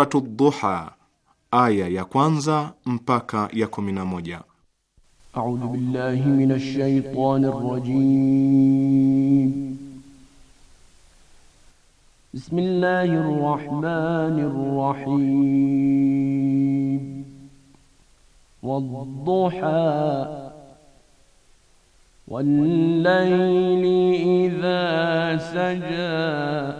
Suratu Dhuha aya ya kwanza mpaka ya kumi na moja. A'udhu billahi minash shaitanir rajim. Bismillahir rahmanir rahim. Wadduha والليل إذا sajaa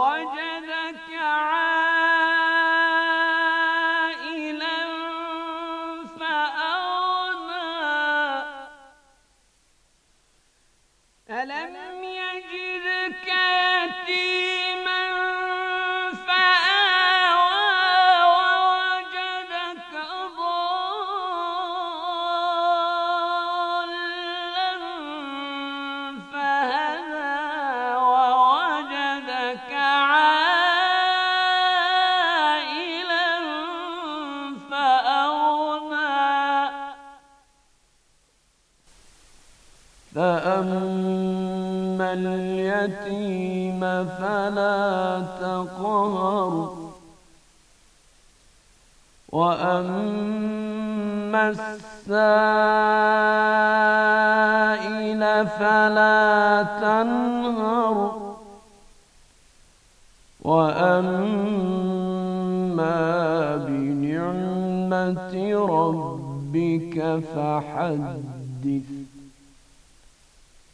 فلا تقهر وأما السائل فلا تنهر وأما بنعمة ربك فحدث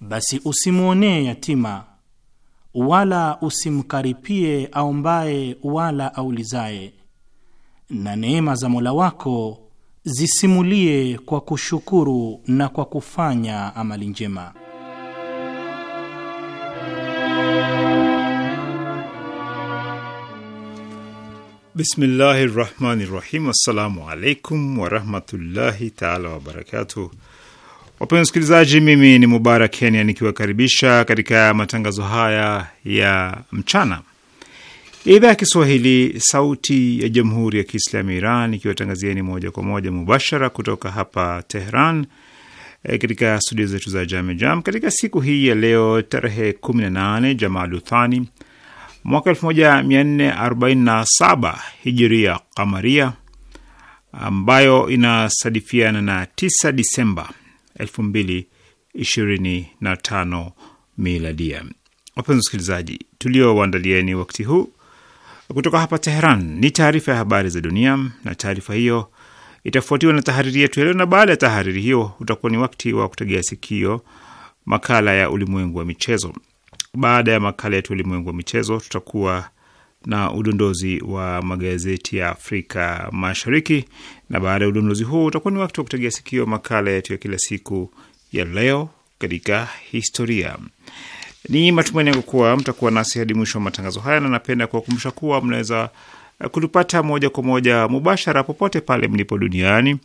basi usimwonee yatima wala usimkaripie aombaye wala aulizaye, na neema za Mola wako zisimulie kwa kushukuru na kwa kufanya amali njema. Bismillahi rahmani rahim. Assalamu alaikum warahmatullahi taala wabarakatuh. Wapenzi wasikilizaji, mimi ni Mubarak Kenya nikiwakaribisha katika matangazo haya ya mchana idhaa ya Kiswahili sauti ya jamhuri ya Kiislamu ya Iran ikiwatangazieni moja kwa moja mubashara kutoka hapa Tehran eh, katika studio zetu za Jam katika siku hii ya leo tarehe 18 Jamaaduthani mwaka 1447 Hijiria Kamaria ambayo inasadifiana na 9 Disemba elfu mbili ishirini na tano miladia. Wapenzi wasikilizaji, tuliowaandalieni wakati huu kutoka hapa Teheran ni taarifa ya habari za dunia, na taarifa hiyo itafuatiwa na tahariri yetu yaleo, na baada ya tahariri hiyo utakuwa ni wakati wa kutegea sikio makala ya ulimwengu wa michezo. Baada ya makala yetu ya ulimwengu wa michezo, tutakuwa na udondozi wa magazeti ya Afrika Mashariki, na baada ya udondozi huo utakuwa ni wakati wa kutegea sikio makala yetu ya kila siku ya leo katika historia. Ni matumaini yangu kuwa mtakuwa nasi hadi mwisho wa matangazo haya, na napenda kuwakumbusha kuwa mnaweza kutupata moja kwa moja mubashara popote pale mlipo duniani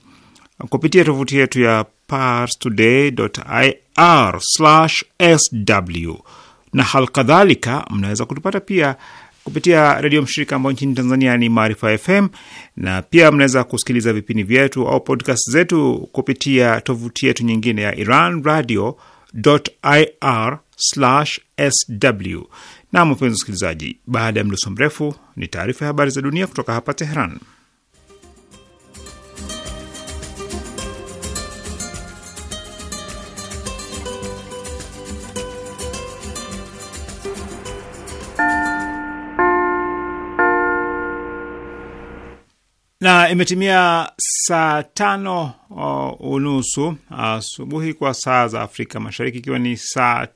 kupitia tovuti yetu ya parstoday.ir/sw na hal kadhalika mnaweza kutupata pia kupitia redio mshirika ambao nchini Tanzania ni Maarifa FM, na pia mnaweza kusikiliza vipindi vyetu au podcast zetu kupitia tovuti yetu nyingine ya Iran radio ir sw. Na mpenzi msikilizaji, baada ya mdoso mrefu ni taarifa ya habari za dunia kutoka hapa Teheran. na imetimia saa tano uh, unusu asubuhi uh, kwa saa za Afrika Mashariki, ikiwa ni saa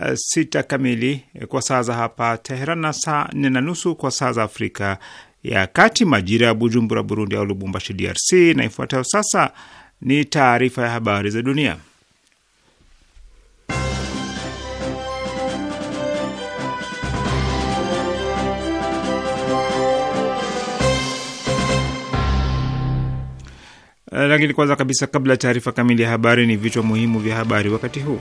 uh, sita kamili eh, kwa saa za hapa Teheran na saa nne na nusu kwa saa za Afrika ya Kati, majira ya Bujumbura, Burundi, au Lubumbashi, DRC. Na ifuatayo sasa ni taarifa ya habari za dunia. Eh, lakini kwanza kabisa, kabla ya taarifa kamili ya habari, ni vichwa muhimu vya habari wakati huu.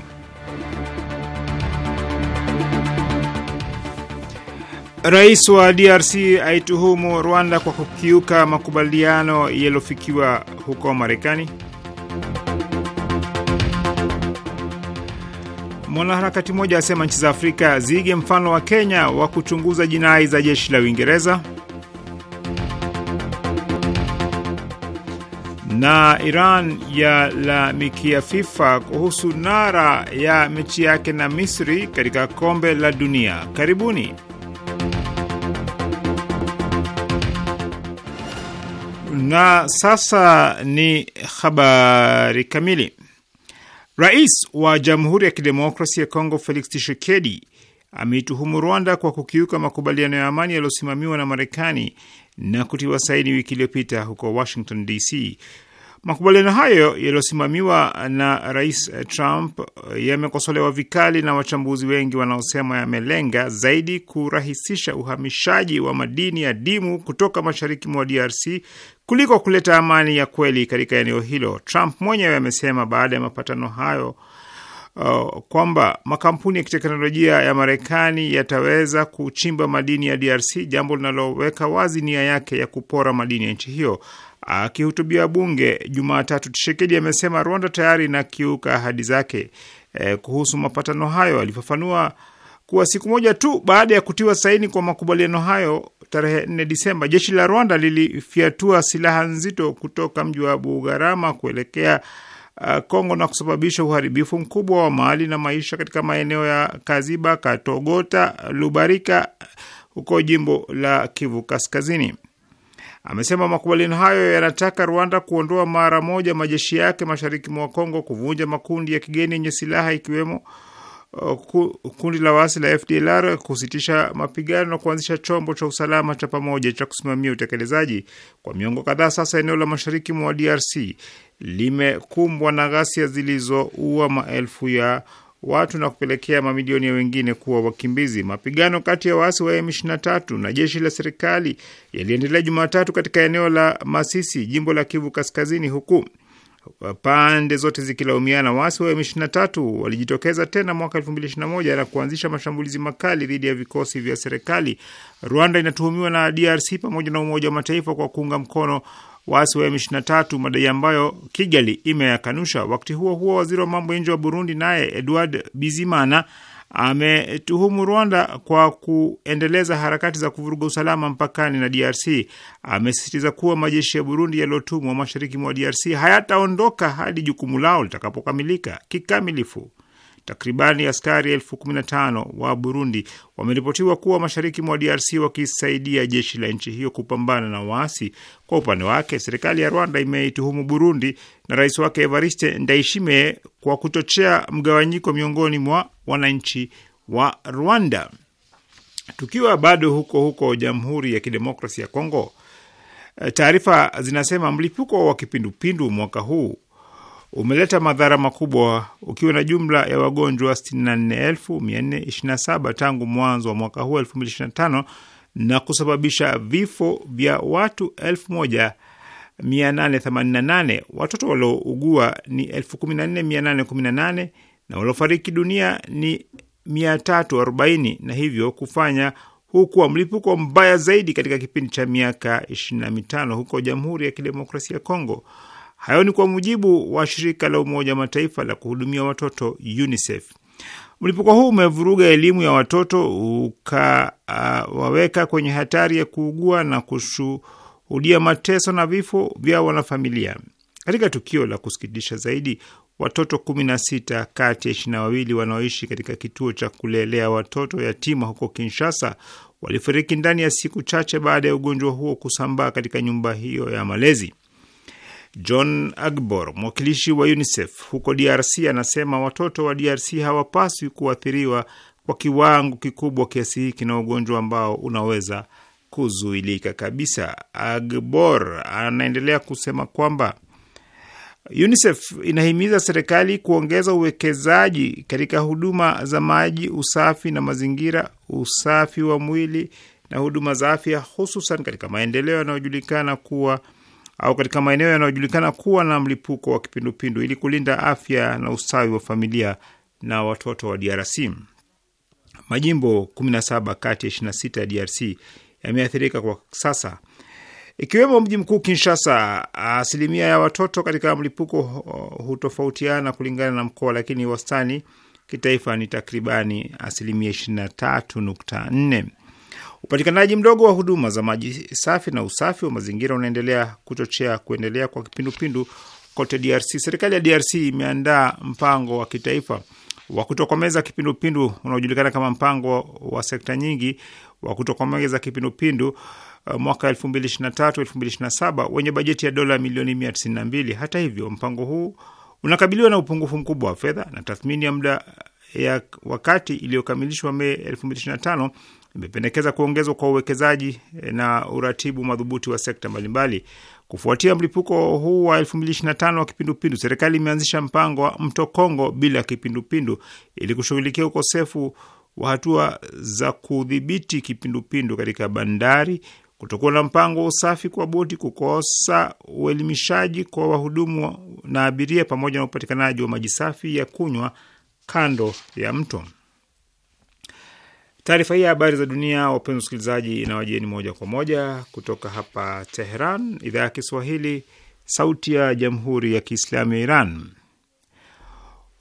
Rais wa DRC aituhumu Rwanda kwa kukiuka makubaliano yaliyofikiwa huko Marekani. Mwanaharakati mmoja asema nchi za Afrika ziige mfano wa Kenya wa kuchunguza jinai za jeshi la Uingereza. na Iran yalalamikia FIFA kuhusu nara ya mechi yake na Misri katika kombe la dunia. Karibuni. Na sasa ni habari kamili. Rais wa Jamhuri ya Kidemokrasia ya Kongo Felix Tshisekedi ameituhumu Rwanda kwa kukiuka makubaliano ya amani yaliyosimamiwa na Marekani na kutiwa saini wiki iliyopita huko Washington DC. Makubaliano hayo yaliyosimamiwa na Rais Trump eh, yamekosolewa vikali na wachambuzi wengi wanaosema yamelenga zaidi kurahisisha uhamishaji wa madini ya dimu kutoka mashariki mwa DRC kuliko kuleta amani ya kweli katika eneo hilo. Trump mwenyewe amesema baada ya mapatano hayo Uh, kwamba makampuni ya kiteknolojia ya Marekani yataweza kuchimba madini ya DRC, jambo linaloweka wazi nia yake ya kupora madini ya nchi hiyo. Akihutubia bunge Jumatatu, Tshisekedi amesema Rwanda tayari inakiuka ahadi zake e, kuhusu mapatano hayo. Alifafanua kuwa siku moja tu baada ya kutiwa saini kwa makubaliano hayo tarehe 4 Disemba, jeshi la Rwanda lilifyatua silaha nzito kutoka mji wa Bugarama kuelekea e, Kongo na kusababisha uharibifu mkubwa wa mali na maisha katika maeneo ya Kaziba, Katogota, Lubarika huko jimbo la Kivu Kaskazini amesema makubaliano hayo yanataka Rwanda kuondoa mara moja majeshi yake mashariki mwa Kongo, kuvunja makundi ya kigeni yenye silaha ikiwemo uh, kundi la waasi la FDLR, kusitisha mapigano na kuanzisha chombo cha usalama cha pamoja cha kusimamia utekelezaji. Kwa miongo kadhaa sasa, eneo la mashariki mwa DRC limekumbwa na ghasia zilizoua maelfu ya watu na kupelekea mamilioni ya wengine kuwa wakimbizi. Mapigano kati ya waasi wa M23 na jeshi la serikali yaliendelea Jumatatu katika eneo la Masisi, jimbo la Kivu Kaskazini, huku pande zote zikilaumiana. Waasi wa M23 walijitokeza tena mwaka 2021 na kuanzisha mashambulizi makali dhidi ya vikosi vya serikali. Rwanda inatuhumiwa na DRC pamoja na Umoja wa Mataifa kwa kuunga mkono waasi wa M23, madai ambayo Kigali imeyakanusha. Wakati huo huo, waziri wa mambo ya nje wa Burundi naye Edward Bizimana ametuhumu Rwanda kwa kuendeleza harakati za kuvuruga usalama mpakani na DRC. Amesisitiza kuwa majeshi ya Burundi yaliyotumwa mashariki mwa DRC hayataondoka hadi jukumu lao litakapokamilika kikamilifu. Takribani askari elfu kumi na tano wa Burundi wameripotiwa kuwa mashariki mwa DRC wakisaidia jeshi la nchi hiyo kupambana na waasi. Kwa upande wake, serikali ya Rwanda imeituhumu Burundi na rais wake Evariste Ndayishimiye kwa kuchochea mgawanyiko miongoni mwa wananchi wa Rwanda. Tukiwa bado huko huko Jamhuri ya Kidemokrasia ya Kongo, eh, taarifa zinasema mlipuko wa kipindupindu mwaka huu umeleta madhara makubwa ukiwa na jumla ya wagonjwa 64427 tangu mwanzo wa mwaka huu 2025 na kusababisha vifo vya watu 1888. Watoto waliougua ni 14818 na waliofariki dunia ni 340 na hivyo kufanya huu kuwa mlipuko mbaya zaidi katika kipindi cha miaka 25 huko Jamhuri ya Kidemokrasia ya Kongo. Hayo ni kwa mujibu wa shirika la Umoja wa Mataifa la kuhudumia watoto UNICEF. Mlipuko huu umevuruga elimu ya watoto ukawaweka uh, kwenye hatari ya kuugua na kushuhudia mateso na vifo vya wanafamilia. Katika tukio la kusikitisha zaidi, watoto kumi na sita kati ya ishirini na wawili wanaoishi katika kituo cha kulelea watoto yatima huko Kinshasa walifariki ndani ya siku chache baada ya ugonjwa huo kusambaa katika nyumba hiyo ya malezi. John Agbor, mwakilishi wa UNICEF huko DRC, anasema watoto wa DRC hawapaswi kuathiriwa kwa kiwango kikubwa kiasi hiki na ugonjwa ambao unaweza kuzuilika kabisa. Agbor anaendelea kusema kwamba UNICEF inahimiza serikali kuongeza uwekezaji katika huduma za maji, usafi na mazingira, usafi wa mwili na huduma za afya, hususan katika maendeleo yanayojulikana kuwa au katika maeneo yanayojulikana kuwa na mlipuko wa kipindupindu ili kulinda afya na ustawi wa familia na watoto wa DRC. Majimbo 17 kati ya 26 ya DRC yameathirika kwa sasa, ikiwemo mji mkuu Kinshasa. Asilimia ya watoto katika mlipuko hutofautiana kulingana na mkoa, lakini wastani kitaifa ni takribani asilimia 23.4. Upatikanaji mdogo wa huduma za maji safi na usafi wa mazingira unaendelea kuchochea kuendelea kwa kipindupindu kote DRC. Serikali ya DRC imeandaa mpango wa kitaifa wa kutokomeza kipindupindu unaojulikana kama mpango wa sekta nyingi wa kutokomeza kipindupindu eh, mwaka 2023 2027 wenye bajeti ya dola milioni 192. Hata hivyo, mpango huu unakabiliwa na upungufu mkubwa wa fedha na tathmini ya muda ya wakati iliyokamilishwa Mei imependekeza kuongezwa kwa uwekezaji eh, na uratibu madhubuti wa sekta mbalimbali. Kufuatia mlipuko huu wa 2025 wa kipindupindu, serikali imeanzisha mpango wa mto Kongo bila kipindupindu ili kushughulikia ukosefu wa hatua za kudhibiti kipindupindu katika bandari, kutokuwa na mpango wa usafi kwa boti, kukosa uelimishaji kwa wahudumu na abiria, pamoja na upatikanaji wa maji safi ya kunywa kando ya mto. Taarifa hii ya habari za dunia, wapenzi wasikilizaji, inawajieni moja kwa moja kutoka hapa Teheran, idhaa ya Kiswahili, sauti ya jamhuri ya kiislamu ya Iran.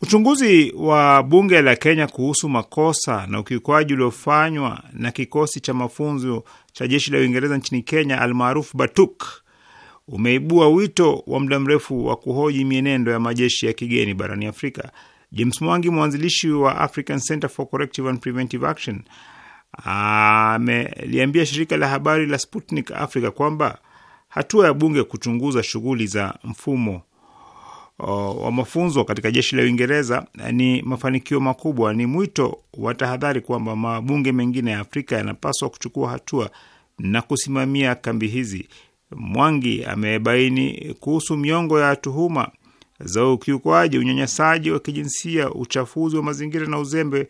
Uchunguzi wa bunge la Kenya kuhusu makosa na ukiukwaji uliofanywa na kikosi cha mafunzo cha jeshi la Uingereza nchini Kenya almaarufu BATUK umeibua wito wa muda mrefu wa kuhoji mienendo ya majeshi ya kigeni barani Afrika. James Mwangi, mwanzilishi wa African Center for Corrective and Preventive Action, ameliambia shirika la habari la Sputnik Africa kwamba hatua ya bunge kuchunguza shughuli za mfumo o, wa mafunzo katika jeshi la Uingereza ni mafanikio makubwa. Ni mwito wa tahadhari kwamba mabunge mengine ya Afrika yanapaswa kuchukua hatua na kusimamia kambi hizi. Mwangi amebaini kuhusu miongo ya tuhuma za ukiukwaji, unyanyasaji wa kijinsia, uchafuzi wa mazingira na uzembe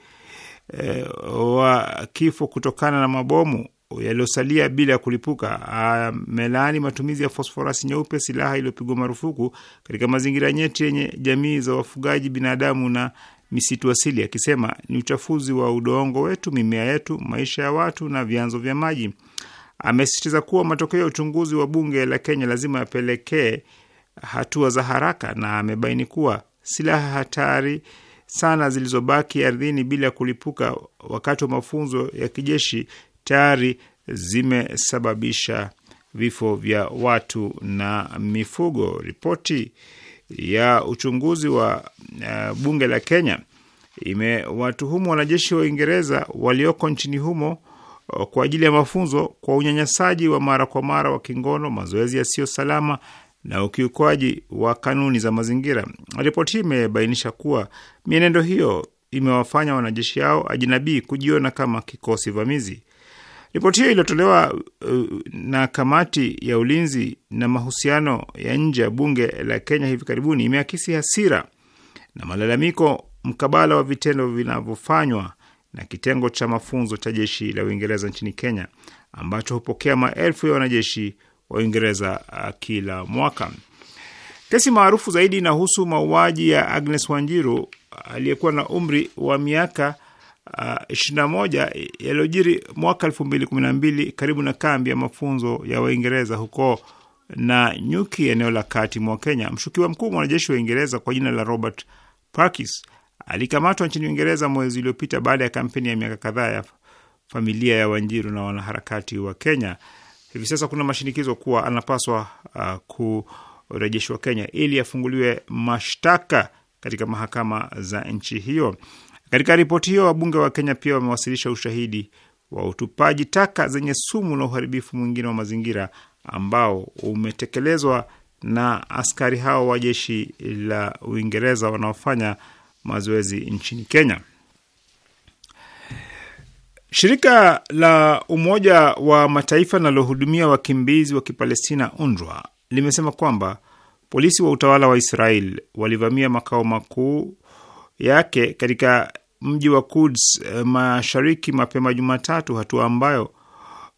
e, wa kifo kutokana na mabomu yaliyosalia bila ya kulipuka. Amelaani ah, matumizi ya fosforasi nyeupe, silaha iliyopigwa marufuku katika mazingira nyeti yenye jamii za wafugaji, binadamu na misitu asili, akisema ni uchafuzi wa udongo wetu, mimea yetu, maisha ya watu na vyanzo vya maji. Amesisitiza kuwa matokeo ya uchunguzi wa bunge la Kenya lazima yapelekee hatua za haraka na amebaini kuwa silaha hatari sana zilizobaki ardhini bila kulipuka wakati wa mafunzo ya kijeshi tayari zimesababisha vifo vya watu na mifugo. Ripoti ya uchunguzi wa uh, bunge la Kenya imewatuhumu wanajeshi wa Uingereza walioko nchini humo eh, kwa ajili ya mafunzo kwa unyanyasaji wa mara kwa mara wa kingono, mazoezi yasiyo salama na ukiukwaji wa kanuni za mazingira. Ripoti hii imebainisha kuwa mienendo hiyo imewafanya wanajeshi hao ajinabii kujiona kama kikosi vamizi. Ripoti hiyo iliyotolewa uh, na kamati ya ulinzi na mahusiano ya nje ya bunge la Kenya hivi karibuni imeakisi hasira na malalamiko mkabala wa vitendo vinavyofanywa na kitengo cha mafunzo cha jeshi la Uingereza nchini Kenya ambacho hupokea maelfu ya wanajeshi wa Uingereza uh, kila mwaka. Kesi maarufu zaidi inahusu mauaji ya Agnes Wanjiru uh, aliyekuwa na umri wa miaka uh, ishirini na moja uh, yaliyojiri mwaka elfu mbili kumi na mbili karibu na kambi ya mafunzo ya Waingereza huko na Nyuki, eneo la kati mwa Kenya. Mshukiwa mkuu mwanajeshi wa Uingereza kwa jina la Robert Parkis alikamatwa nchini Uingereza mwezi uliopita baada ya kampeni ya miaka kadhaa ya familia ya Wanjiru na wanaharakati wa Kenya. Hivi sasa kuna mashinikizo kuwa anapaswa uh, kurejeshwa Kenya ili afunguliwe mashtaka katika mahakama za nchi hiyo. Katika ripoti hiyo, wabunge wa Kenya pia wamewasilisha ushahidi wa utupaji taka zenye sumu na uharibifu mwingine wa mazingira ambao umetekelezwa na askari hao wa jeshi la Uingereza wanaofanya mazoezi nchini Kenya. Shirika la Umoja wa Mataifa linalohudumia wakimbizi wa Kipalestina, UNRWA, limesema kwamba polisi wa utawala wa Israel walivamia makao makuu yake katika mji wa Kuds eh, mashariki mapema Jumatatu, hatua ambayo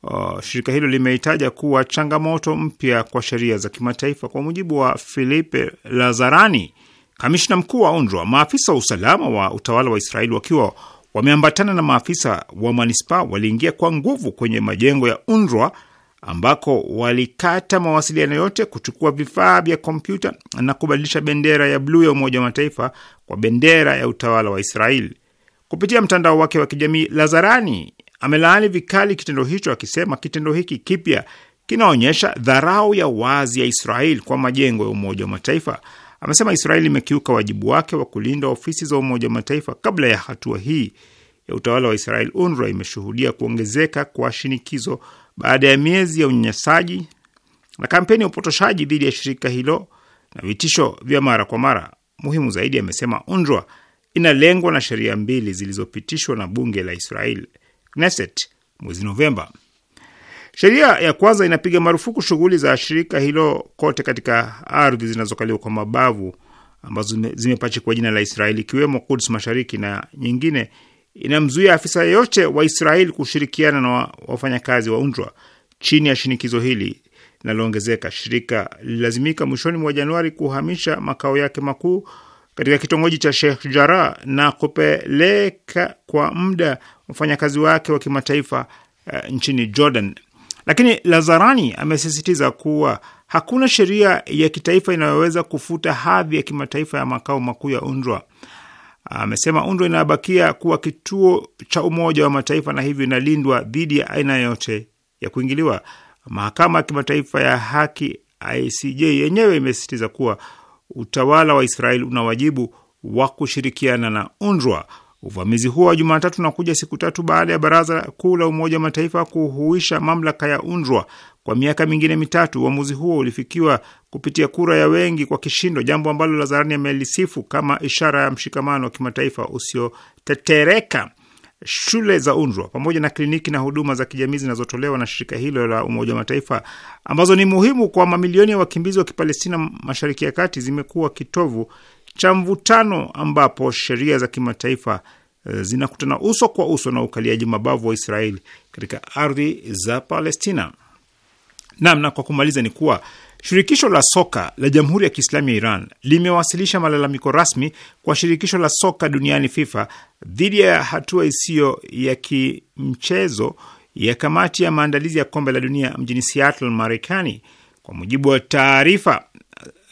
uh, shirika hilo limehitaja kuwa changamoto mpya kwa sheria za kimataifa. Kwa mujibu wa Filipe Lazarani, kamishna mkuu wa UNRWA, maafisa wa usalama wa utawala wa israel wakiwa wameambatana na maafisa wa manispaa waliingia kwa nguvu kwenye majengo ya UNRWA ambako walikata mawasiliano yote, kuchukua vifaa vya kompyuta na kubadilisha bendera ya bluu ya Umoja wa Mataifa kwa bendera ya utawala wa Israeli. Kupitia mtandao wake wa kijamii, Lazarani amelaani vikali kitendo hicho, akisema kitendo hiki kipya kinaonyesha dharau ya wazi ya Israeli kwa majengo ya Umoja wa Mataifa amesema Israeli imekiuka wajibu wake wa kulinda ofisi za Umoja wa Mataifa. Kabla ya hatua hii ya utawala wa Israel, UNRWA imeshuhudia kuongezeka kwa shinikizo baada ya miezi ya unyanyasaji na kampeni ya upotoshaji dhidi ya shirika hilo na vitisho vya mara kwa mara. Muhimu zaidi, amesema UNRWA inalengwa na sheria mbili zilizopitishwa na bunge la Israel, Knesset, mwezi Novemba. Sheria ya kwanza inapiga marufuku shughuli za shirika hilo kote katika ardhi zinazokaliwa kwa mabavu ambazo zimepachikwa jina la Israeli, ikiwemo Kuds Mashariki na nyingine. Inamzuia afisa yeyote wa Israeli kushirikiana na wafanyakazi wa UNRWA. Chini ya shinikizo hili linaloongezeka, shirika lililazimika mwishoni mwa Januari kuhamisha makao yake makuu katika kitongoji cha Sheikh Jarrah na kupeleka kwa muda wafanyakazi wake wa kimataifa uh, nchini Jordan. Lakini Lazarani amesisitiza kuwa hakuna sheria ya kitaifa inayoweza kufuta hadhi ya kimataifa ya makao makuu ya UNRWA. Amesema UNRWA inabakia kuwa kituo cha Umoja wa Mataifa na hivyo inalindwa dhidi ya aina yote ya kuingiliwa. Mahakama ya Kimataifa ya Haki ICJ yenyewe imesisitiza kuwa utawala wa Israeli una wajibu wa kushirikiana na UNRWA. Uvamizi huo wa Jumatatu unakuja siku tatu baada ya Baraza Kuu la Umoja wa Mataifa kuhuisha mamlaka ya UNRWA kwa miaka mingine mitatu. Uamuzi huo ulifikiwa kupitia kura ya wengi kwa kishindo, jambo ambalo Lazarani amelisifu kama ishara ya mshikamano wa kimataifa usiotetereka. Shule za UNRWA pamoja na kliniki na huduma za kijamii zinazotolewa na shirika hilo la Umoja wa Mataifa, ambazo ni muhimu kwa mamilioni ya wakimbizi wa Kipalestina mashariki ya kati, zimekuwa kitovu cha mvutano ambapo sheria za kimataifa eh, zinakutana uso kwa uso na ukaliaji mabavu wa Israeli katika ardhi za Palestina. Naam, na kwa kumaliza ni kuwa shirikisho la soka la Jamhuri ya Kiislamu ya Iran limewasilisha malalamiko rasmi kwa shirikisho la soka duniani FIFA dhidi ya hatua isiyo ya kimchezo ya kamati ya maandalizi ya kombe la dunia mjini Seattle, Marekani. Kwa mujibu wa taarifa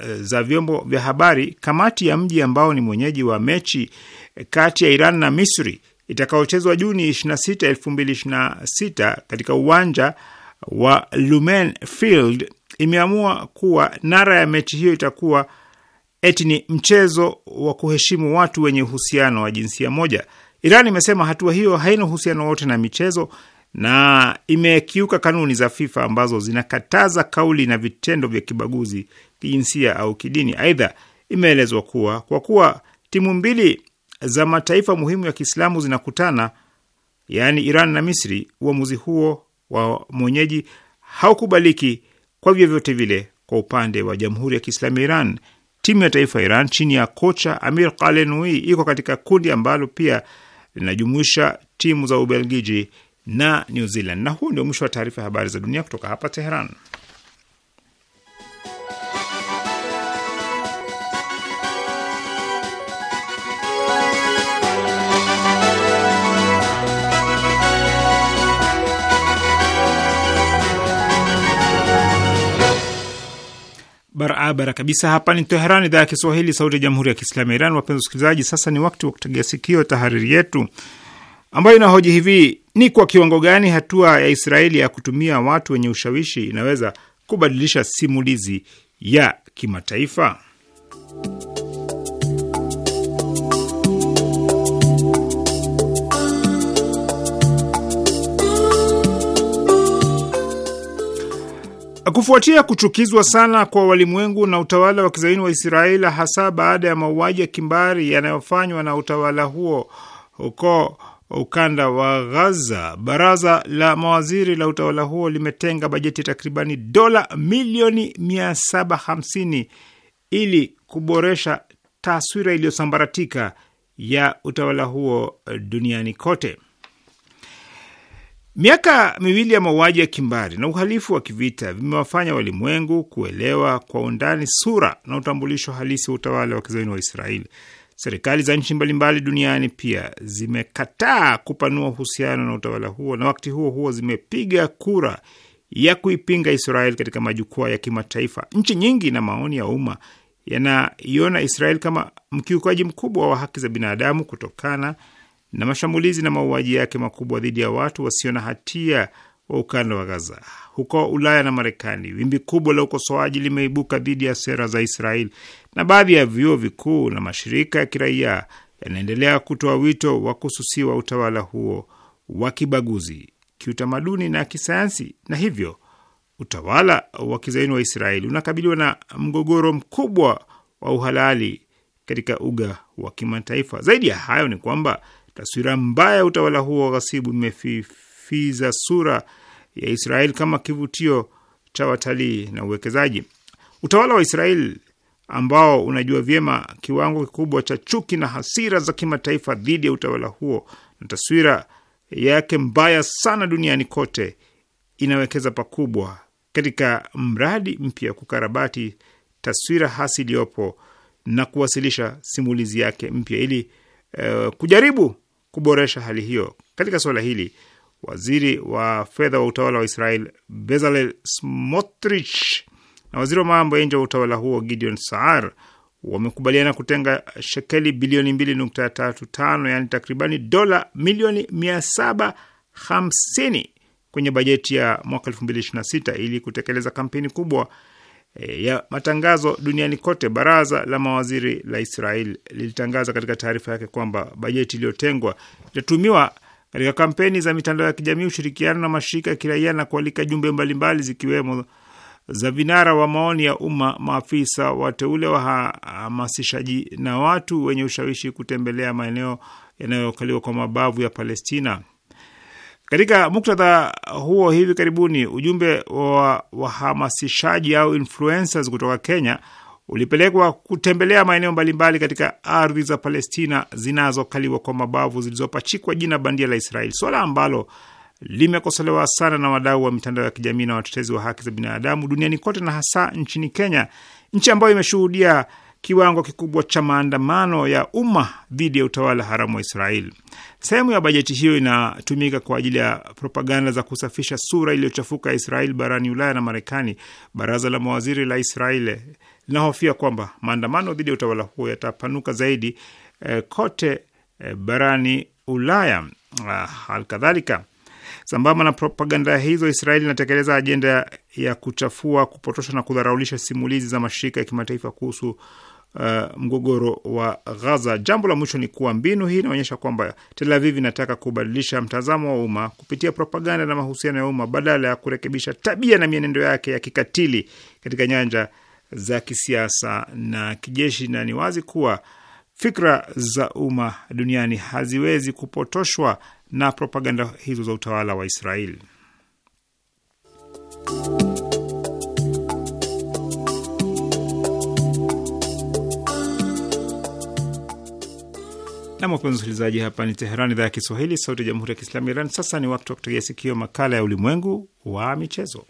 Eh, za vyombo vya habari kamati ya mji ambao ni mwenyeji wa mechi eh, kati ya Iran na Misri itakayochezwa Juni 26, 2026 katika uwanja wa Lumen Field imeamua kuwa nara ya mechi hiyo itakuwa eti ni mchezo wa kuheshimu watu wenye uhusiano wa jinsia moja. Iran imesema hatua hiyo haina uhusiano wote na michezo na imekiuka kanuni za FIFA ambazo zinakataza kauli na vitendo vya kibaguzi kijinsia au kidini. Aidha, imeelezwa kuwa kwa kuwa timu mbili za mataifa muhimu ya Kiislamu zinakutana, yaani Iran na Misri, uamuzi huo wa mwenyeji haukubaliki kwa vyovyote vile kwa upande wa Jamhuri ya Kiislamu ya Iran. Timu ya taifa ya Iran chini ya kocha Amir Qalenui iko katika kundi ambalo pia linajumuisha timu za Ubelgiji na New Zealand. Na huu ndio mwisho wa taarifa ya habari za dunia kutoka hapa Teheran. Barabara kabisa, hapa ni Teheran, idhaa ya Kiswahili, sauti ya jamhuri ya kiislamu ya Iran. Wapenzi wasikilizaji, sasa ni wakati wa kutegea sikio tahariri yetu ambayo inahoji hivi: ni kwa kiwango gani hatua ya Israeli ya kutumia watu wenye ushawishi inaweza kubadilisha simulizi ya kimataifa? Kufuatia kuchukizwa sana kwa walimwengu na utawala wa kizaini wa Israeli, hasa baada ya mauaji ya kimbari yanayofanywa na utawala huo huko ukanda wa Ghaza. Baraza la mawaziri la utawala huo limetenga bajeti ya takribani dola milioni 750 ili kuboresha taswira iliyosambaratika ya utawala huo duniani kote. Miaka miwili ya mauaji ya kimbari na uhalifu wa kivita vimewafanya walimwengu kuelewa kwa undani sura na utambulisho halisi wa utawala wa kizayuni wa Israeli. Serikali za nchi mbalimbali duniani pia zimekataa kupanua uhusiano na utawala huo na wakati huo huo zimepiga kura ya kuipinga Israel katika majukwaa ya kimataifa. Nchi nyingi na maoni ya umma yanaiona Israel kama mkiukaji mkubwa wa haki za binadamu kutokana na mashambulizi na mauaji yake makubwa dhidi ya watu wasio na hatia wa ukanda wa Gaza. Huko Ulaya na Marekani, wimbi kubwa la ukosoaji limeibuka dhidi ya sera za Israel na baadhi ya vyuo vikuu na mashirika ya kiraia yanaendelea kutoa wito wa kususiwa utawala huo wa kibaguzi kiutamaduni na kisayansi, na hivyo utawala wa kizaini wa Israeli unakabiliwa na mgogoro mkubwa wa uhalali katika uga wa kimataifa. Zaidi ya hayo ni kwamba taswira mbaya ya utawala huo wa ghasibu imefifiza sura ya Israeli kama kivutio cha watalii na uwekezaji. Utawala wa Israeli ambao unajua vyema kiwango kikubwa cha chuki na hasira za kimataifa dhidi ya utawala huo na taswira yake mbaya sana duniani kote, inawekeza pakubwa katika mradi mpya kukarabati taswira hasi iliyopo na kuwasilisha simulizi yake mpya ili uh, kujaribu kuboresha hali hiyo. Katika suala hili, waziri wa fedha wa utawala wa Israel Bezalel Smotrich na waziri wa mambo ya nje wa utawala huo Gideon Saar wamekubaliana kutenga shekeli bilioni 2.35 yani takribani dola milioni 750 kwenye bajeti ya mwaka 2026 ili kutekeleza kampeni kubwa eh, ya matangazo duniani kote. Baraza la mawaziri la Israel lilitangaza katika taarifa yake kwamba bajeti iliyotengwa itatumiwa katika kampeni za mitandao ya kijamii, ushirikiano na mashirika ya kiraia na kualika jumbe mbalimbali zikiwemo za vinara wa maoni ya umma, maafisa wateule, wahamasishaji na watu wenye ushawishi kutembelea maeneo yanayokaliwa kwa mabavu ya Palestina. Katika muktadha huo, hivi karibuni ujumbe wa wahamasishaji au influencers kutoka Kenya ulipelekwa kutembelea maeneo mbalimbali katika ardhi za Palestina zinazokaliwa kwa mabavu zilizopachikwa jina bandia la Israeli, swala ambalo limekosolewa sana na wadau wa mitandao ya kijamii na watetezi wa haki za binadamu duniani kote na hasa nchini Kenya, nchi ambayo imeshuhudia kiwango kikubwa cha maandamano ya umma dhidi ya utawala haramu wa Israeli. Sehemu ya bajeti hiyo inatumika kwa ajili ya propaganda za kusafisha sura iliyochafuka ya Israeli barani Ulaya na Marekani. Baraza la mawaziri la Israeli linahofia kwamba maandamano dhidi ya utawala huo yatapanuka zaidi eh, kote eh, barani Ulaya. Ah, Sambamba na propaganda hizo, Israeli inatekeleza ajenda ya kuchafua, kupotosha na kudharaulisha simulizi za mashirika ya kimataifa kuhusu Uh, mgogoro wa Gaza. Jambo la mwisho ni kuwa mbinu hii inaonyesha kwamba Tel Aviv inataka kubadilisha mtazamo wa umma kupitia propaganda na mahusiano ya umma badala ya kurekebisha tabia na mienendo yake ya kikatili katika nyanja za kisiasa na kijeshi, na ni wazi kuwa fikra za umma duniani haziwezi kupotoshwa na propaganda hizo za utawala wa Israeli. Nam, wapenzi hapa ni Teheran, idhaa ya Kiswahili, sauti ya jamhuri ya kiislamu Iran. Sasa ni wakati wa kutegea sikio makala ya ulimwengu wa michezo.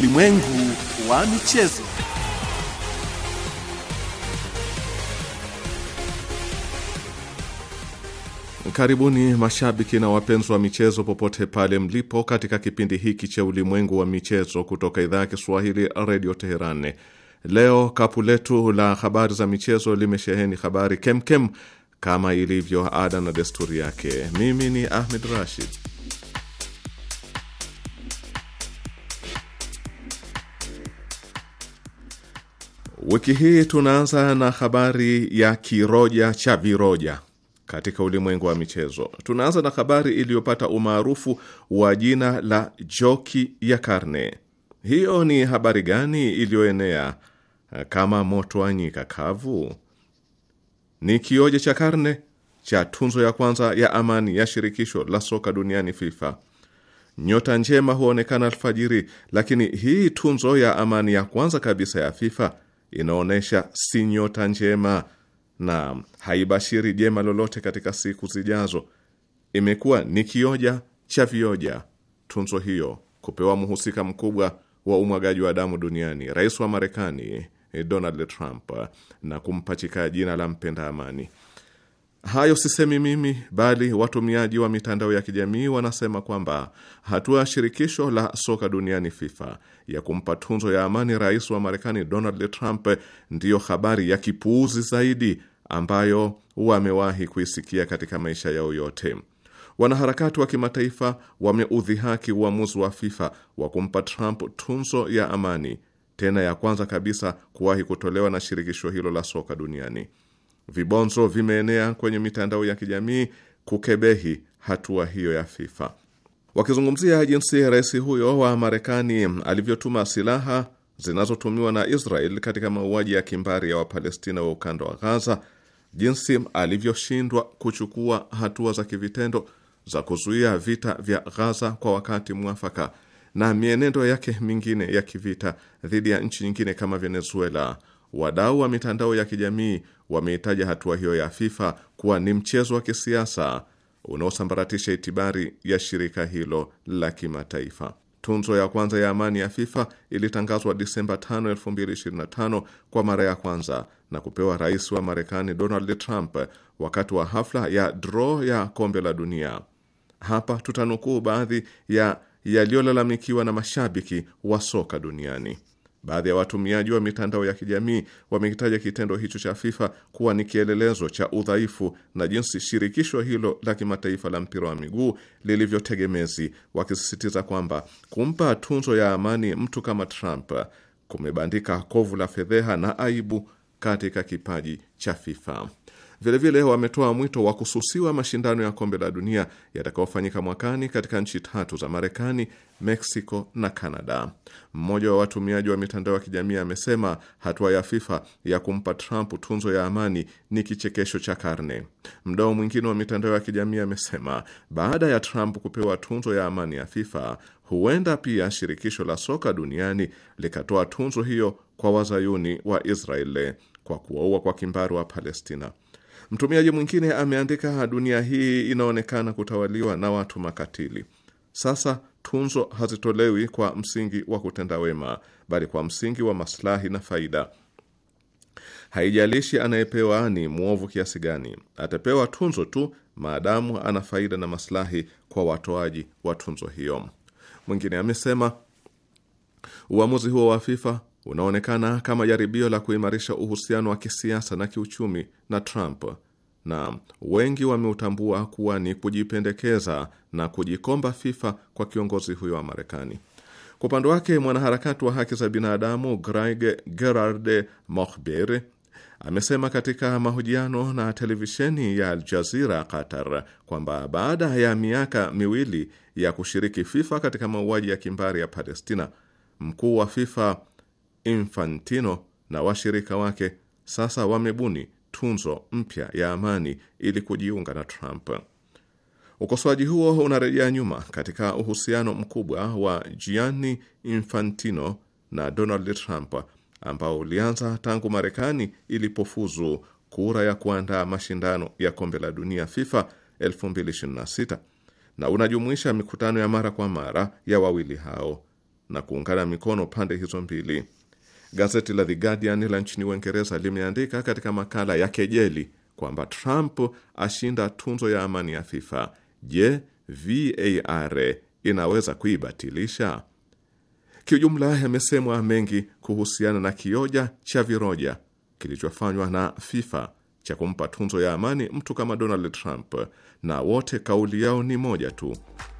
ulimwengu wa michezo. Karibuni mashabiki na wapenzi wa michezo popote pale mlipo, katika kipindi hiki cha ulimwengu wa michezo kutoka idhaa ya Kiswahili redio Teheran. Leo kapu letu la habari za michezo limesheheni habari kemkem kem, kama ilivyo ada na desturi yake. Mimi ni Ahmed Rashid. Wiki hii tunaanza na habari ya kiroja cha viroja katika ulimwengu wa michezo. Tunaanza na habari iliyopata umaarufu wa jina la joki ya karne. Hiyo ni habari gani iliyoenea kama moto wa nyika kavu? Ni kioja cha karne cha tunzo ya kwanza ya amani ya shirikisho la soka duniani FIFA. Nyota njema huonekana alfajiri, lakini hii tunzo ya amani ya kwanza kabisa ya FIFA inaonyesha si nyota njema na haibashiri jema lolote katika siku zijazo. Imekuwa ni kioja cha vioja tunzo hiyo kupewa mhusika mkubwa wa umwagaji wa damu duniani, rais wa Marekani eh, Donald Trump, na kumpachika jina la mpenda amani. Hayo sisemi mimi, bali watumiaji wa mitandao ya kijamii wanasema kwamba hatua ya shirikisho la soka duniani FIFA ya kumpa tunzo ya amani rais wa Marekani Donald Trump ndiyo habari ya kipuuzi zaidi ambayo wamewahi kuisikia katika maisha yao yote. Wanaharakati wa kimataifa wameudhihaki uamuzi wa FIFA wa kumpa Trump tunzo ya amani, tena ya kwanza kabisa kuwahi kutolewa na shirikisho hilo la soka duniani. Vibonzo vimeenea kwenye mitandao ya kijamii kukebehi hatua hiyo ya FIFA. Wakizungumzia jinsi rais huyo wa Marekani alivyotuma silaha zinazotumiwa na Israel katika mauaji ya kimbari ya Wapalestina wa ukanda wa Gaza, jinsi alivyoshindwa kuchukua hatua za kivitendo za kuzuia vita vya Gaza kwa wakati mwafaka, na mienendo yake mingine ya kivita dhidi ya nchi nyingine kama Venezuela, wadau wa mitandao ya kijamii wameitaja hatua hiyo ya FIFA kuwa ni mchezo wa kisiasa unaosambaratisha itibari ya shirika hilo la kimataifa. Tunzo ya kwanza ya amani ya FIFA ilitangazwa Disemba 5, 2025 kwa mara ya kwanza na kupewa rais wa Marekani Donald Trump wakati wa hafla ya draw ya kombe la dunia. Hapa tutanukuu baadhi ya yaliyolalamikiwa na mashabiki wa soka duniani. Baadhi ya watumiaji wa mitandao ya kijamii wamekitaja kitendo hicho cha FIFA kuwa ni kielelezo cha udhaifu na jinsi shirikisho hilo la kimataifa la mpira wa miguu lilivyotegemezi, wakisisitiza kwamba kumpa tunzo ya amani mtu kama Trump kumebandika kovu la fedheha na aibu katika kipaji cha FIFA. Vilevile wametoa mwito wa kususiwa mashindano ya kombe la dunia yatakayofanyika mwakani katika nchi tatu za Marekani, Mexico na Canada. Mmoja wa watumiaji wa mitandao ya kijamii amesema hatua ya FIFA ya kumpa Trump tunzo ya amani ni kichekesho cha karne. Mdao mwingine wa mitandao ya kijamii amesema baada ya Trump kupewa tunzo ya amani ya FIFA, huenda pia shirikisho la soka duniani likatoa tunzo hiyo kwa wazayuni wa Israeli kwa kuwaua kwa kimbari wa Palestina. Mtumiaji mwingine ameandika, dunia hii inaonekana kutawaliwa na watu makatili. Sasa tunzo hazitolewi kwa msingi wa kutenda wema, bali kwa msingi wa maslahi na faida. Haijalishi anayepewa ni mwovu kiasi gani, atapewa tunzo tu maadamu ana faida na maslahi kwa watoaji wa tunzo hiyo. Mwingine amesema uamuzi huo wa FIFA unaonekana kama jaribio la kuimarisha uhusiano wa kisiasa na kiuchumi na Trump, na wengi wameutambua kuwa ni kujipendekeza na kujikomba fifa kwa kiongozi huyo wa Marekani. Kwa upande wake, mwanaharakati wa haki za binadamu Greg Gerard Mohbir amesema katika mahojiano na televisheni ya aljazira Qatar kwamba baada ya miaka miwili ya kushiriki FIFA katika mauaji ya kimbari ya Palestina, mkuu wa FIFA Infantino na washirika wake sasa wamebuni tunzo mpya ya amani ili kujiunga na Trump. Ukosoaji huo unarejea nyuma katika uhusiano mkubwa wa Gianni Infantino na Donald Trump ambao ulianza tangu Marekani ilipofuzu kura ya kuandaa mashindano ya kombe la dunia FIFA 2026 na unajumuisha mikutano ya mara kwa mara ya wawili hao na kuungana mikono pande hizo mbili. Gazeti la The Guardian la nchini Uingereza limeandika katika makala ya kejeli kwamba Trump ashinda tunzo ya amani ya FIFA. Je, VAR inaweza kuibatilisha? Kiujumla, yamesemwa mengi kuhusiana na kioja cha viroja kilichofanywa na FIFA cha kumpa tunzo ya amani mtu kama Donald Trump, na wote kauli yao ni moja tu: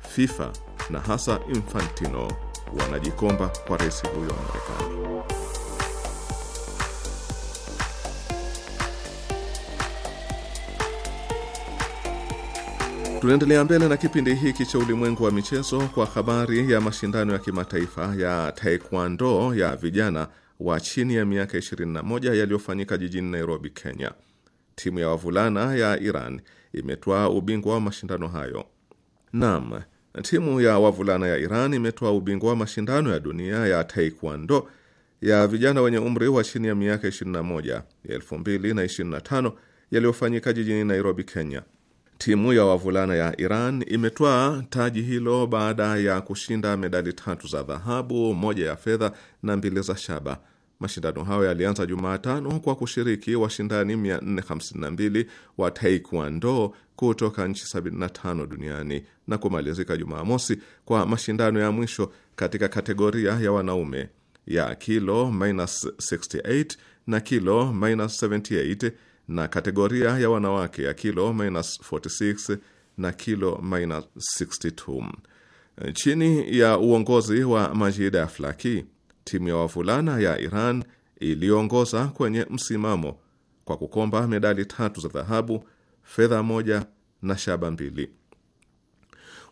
FIFA na hasa Infantino wanajikomba kwa rais huyo wa Marekani. Tunaendelea mbele na kipindi hiki cha ulimwengu wa michezo kwa habari ya mashindano ya kimataifa ya taekwondo ya vijana wa chini ya miaka 21 yaliyofanyika jijini Nairobi, Kenya. Timu ya wavulana ya Iran imetwaa ubingwa wa mashindano hayo. Naam, timu ya wavulana ya Iran imetwaa ubingwa wa mashindano ya dunia ya taekwondo ya vijana wenye umri wa chini ya miaka 21 ya 2025 yaliyofanyika jijini Nairobi, Kenya. Timu ya wavulana ya Iran imetoa taji hilo baada ya kushinda medali tatu za dhahabu, moja ya fedha na mbili za shaba. Mashindano hayo yalianza Jumatano kwa kushiriki washindani 452 wa taekwondo kutoka nchi 75 duniani na kumalizika Jumamosi kwa mashindano ya mwisho katika kategoria ya wanaume ya kilo minus 68 na kilo minus 78 na kategoria ya wanawake ya kilo minus 46 na kilo minus 62. Chini ya uongozi wa Majida Aflaki, timu ya wavulana ya Iran iliongoza kwenye msimamo kwa kukomba medali tatu za dhahabu, fedha moja na shaba mbili.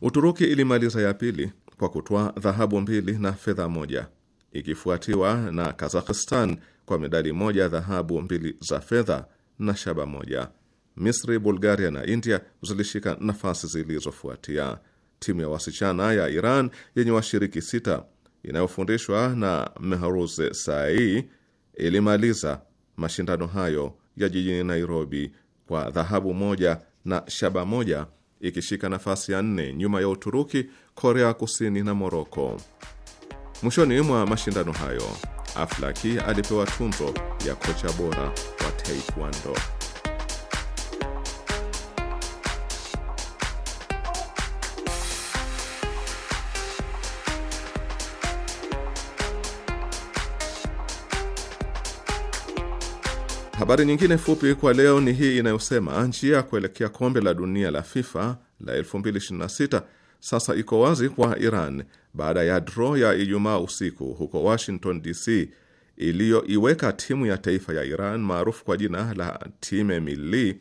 Uturuki ilimaliza ya pili kwa kutoa dhahabu mbili na fedha moja, ikifuatiwa na Kazakhstan kwa medali moja, dhahabu mbili za fedha na shaba moja. Misri, Bulgaria na India zilishika nafasi zilizofuatia. Timu ya wasichana ya Iran yenye washiriki sita inayofundishwa na Mehruz Sai ilimaliza mashindano hayo ya jijini Nairobi kwa dhahabu moja na shaba moja ikishika nafasi ya nne nyuma ya Uturuki, Korea Kusini na Moroko. Mwishoni mwa mashindano hayo, Aflaki alipewa tunzo ya kocha bora taekwondo Habari nyingine fupi kwa leo ni hii inayosema njia ya kuelekea kombe la dunia la FIFA la 2026 sasa iko wazi kwa Iran baada ya draw ya Ijumaa usiku huko Washington DC iliyoiweka timu ya taifa ya Iran maarufu kwa jina la time milli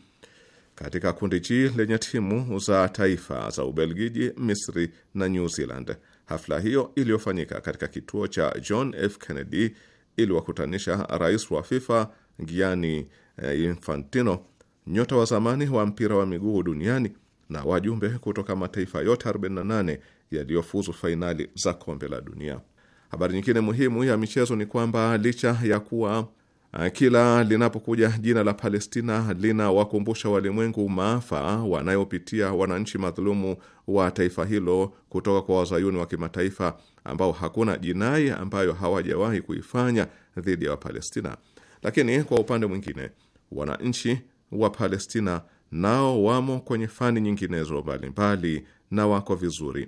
katika kundi G lenye timu za taifa za Ubelgiji, Misri na New Zealand. Hafla hiyo iliyofanyika katika kituo cha John F Kennedy iliwakutanisha rais wa FIFA Gianni eh, Infantino, nyota wa zamani wa mpira wa miguu duniani na wajumbe kutoka mataifa yote 48 yaliyofuzu fainali za kombe la dunia. Habari nyingine muhimu ya michezo ni kwamba licha ya kuwa uh, kila linapokuja jina la Palestina linawakumbusha walimwengu maafa wanayopitia wananchi madhulumu wa taifa hilo kutoka kwa wazayuni wa kimataifa ambao hakuna jinai ambayo hawajawahi kuifanya dhidi ya Wapalestina, lakini kwa upande mwingine wananchi wa Palestina nao wamo kwenye fani nyinginezo mbalimbali na wako vizuri.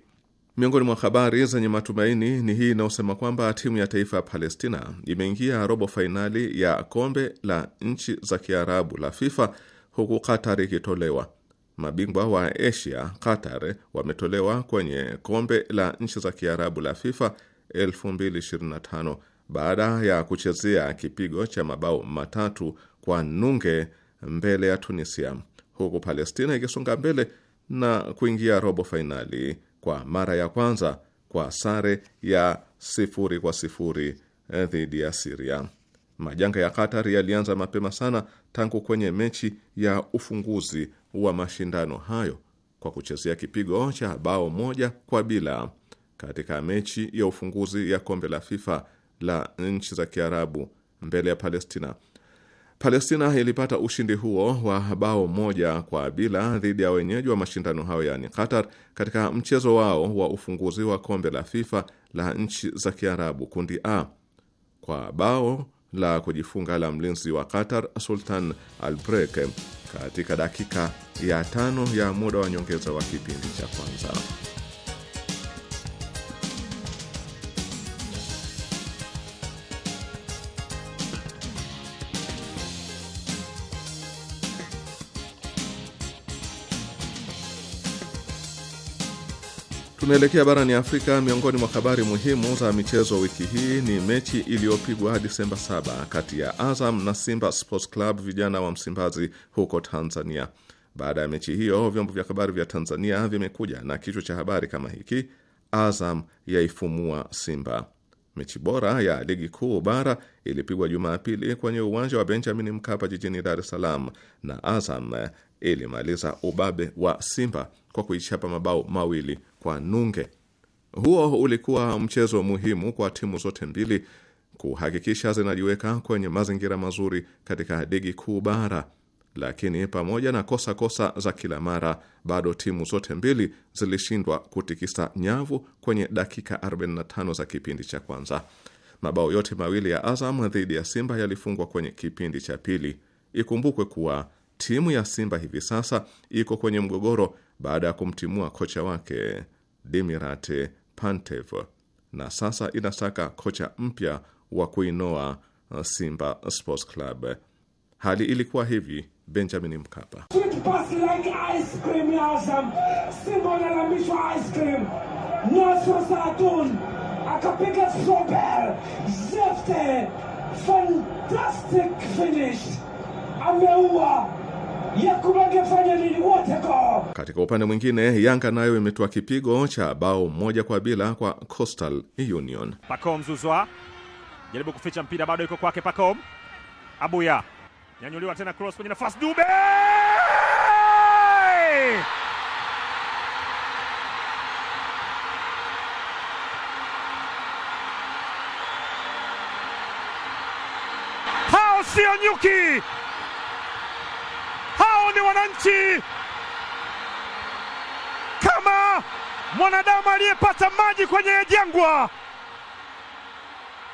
Miongoni mwa habari zenye matumaini ni hii inayosema kwamba timu ya taifa ya Palestina imeingia robo fainali ya kombe la nchi za Kiarabu la FIFA huku Qatar ikitolewa. Mabingwa wa Asia Qatar wametolewa kwenye kombe la nchi za Kiarabu la FIFA 2025 baada ya kuchezea kipigo cha mabao matatu kwa nunge mbele ya Tunisia, huku Palestina ikisonga mbele na kuingia robo fainali kwa mara ya kwanza kwa sare ya sifuri kwa sifuri eh, dhidi ya Siria. Majanga ya Qatar yalianza mapema sana tangu kwenye mechi ya ufunguzi wa mashindano hayo kwa kuchezea kipigo cha bao moja kwa bila katika mechi ya ufunguzi ya kombe la FIFA la nchi za Kiarabu mbele ya Palestina Palestina ilipata ushindi huo wa bao moja kwa bila dhidi ya wenyeji wa mashindano hayo yaani Qatar katika mchezo wao wa ufunguzi wa kombe la FIFA la nchi za Kiarabu kundi A kwa bao la kujifunga la mlinzi wa Qatar Sultan Albrek katika dakika ya tano ya muda wa nyongeza wa kipindi cha kwanza. Tunaelekea barani Afrika. Miongoni mwa habari muhimu za michezo wiki hii ni mechi iliyopigwa Disemba 7 kati ya Azam na Simba Sports Club vijana wa Msimbazi huko Tanzania. Baada ya mechi hiyo, vyombo vya habari vya Tanzania vimekuja na kichwa cha habari kama hiki: Azam yaifumua Simba. Mechi bora ya ligi kuu bara ilipigwa Jumapili kwenye uwanja wa Benjamin Mkapa jijini Dar es Salaam, na Azam ilimaliza ubabe wa Simba kwa kuichapa mabao mawili kwa nunge. Huo ulikuwa mchezo muhimu kwa timu zote mbili kuhakikisha zinajiweka kwenye mazingira mazuri katika ligi kuu bara. Lakini pamoja na kosa kosa za kila mara, bado timu zote mbili zilishindwa kutikisa nyavu kwenye dakika 45 za kipindi cha kwanza. Mabao yote mawili ya Azam dhidi ya Simba yalifungwa kwenye kipindi cha pili. Ikumbukwe kuwa timu ya Simba hivi sasa iko kwenye mgogoro baada ya kumtimua kocha wake Dimirat Pantev na sasa inasaka kocha mpya wa kuinoa uh, Simba Sports Club. Hali ilikuwa hivi Benjamin Mkapa. ameua angefanya nini wote Katika upande mwingine, Yanga nayo imetoa kipigo cha bao moja kwa bila kwa Coastal Union. Pacom Zuzwa jaribu kuficha mpira, bado iko kwake Pacom. Abuya nyanyuliwa tena, cross kwenye nafasi Dube hao sio nyuki hao ni wananchi, kama mwanadamu aliyepata maji kwenye jangwa.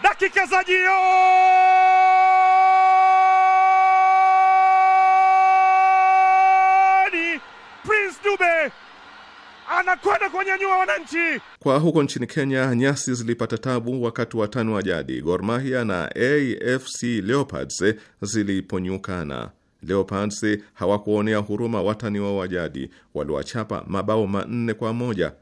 Dakika za jioni, Prince Dube anakwenda kuwanyanyua wananchi. Kwa huko nchini Kenya, nyasi zilipata tabu wakati wa tano wa jadi. Gor Mahia na AFC Leopards ziliponyukana. Leopards hawakuonea huruma watani wao wa waliwachapa mabao manne kwa moja